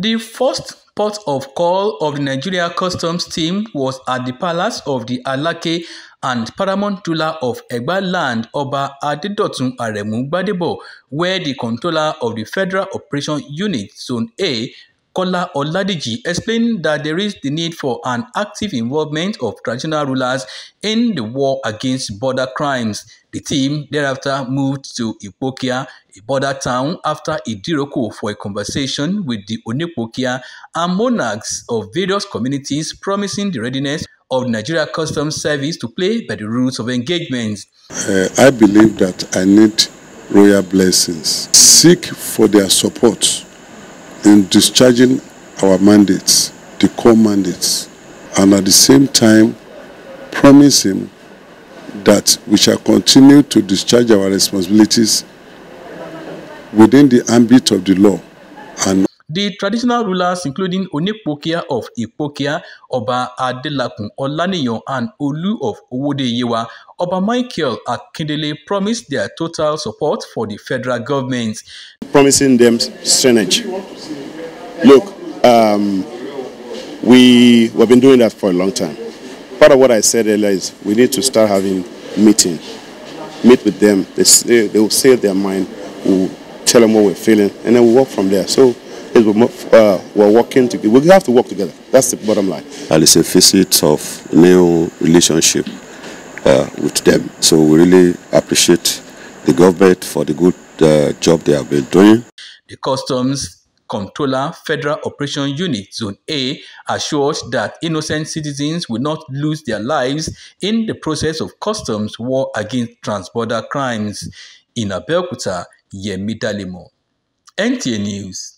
The first port of call of the Nigeria Customs team was at the palace of the Alake and paramount ruler of Egba land Oba Adedotun Aremu Gbadebo, where the controller of the Federal Operation Unit Zone A Kola Oladiji explained that there is the need for an active involvement of traditional rulers in the war against border crimes. The team thereafter moved to Ipokia, a border town, after Idiroko for a conversation with the Onipokia and monarchs of various communities promising the readiness of Nigeria Customs Service to play by the rules of engagement. Uh, I believe that I need royal blessings. Seek for their support and discharging our mandates, the core mandates, and at the same time promising that we shall continue to discharge our responsibilities within the ambit of the law and The traditional rulers including Onipokia of Ipokia, Ọba Adelakun Olaniyan and Olu of Owode-Yewa, Ọba Michael Akindele promised their total support for the federal government. Promising them strength. Look, um, we, we've been doing that for a long time. Part of what I said earlier is we need to start having meeting, Meet with them. They, say, they will say their mind. We'll tell them what we're feeling, and then we'll work from there. So is we're, uh, we're working together. We have to work together. That's the bottom line. And it's a facet of new relationship uh, with them. So we really appreciate the government for the good uh, job they have been doing. The Customs Controller Federal Operation Unit Zone A assures that innocent citizens will not lose their lives in the process of customs war against transborder crimes. In Abeokuta, Yemi Dalimo. NTA News.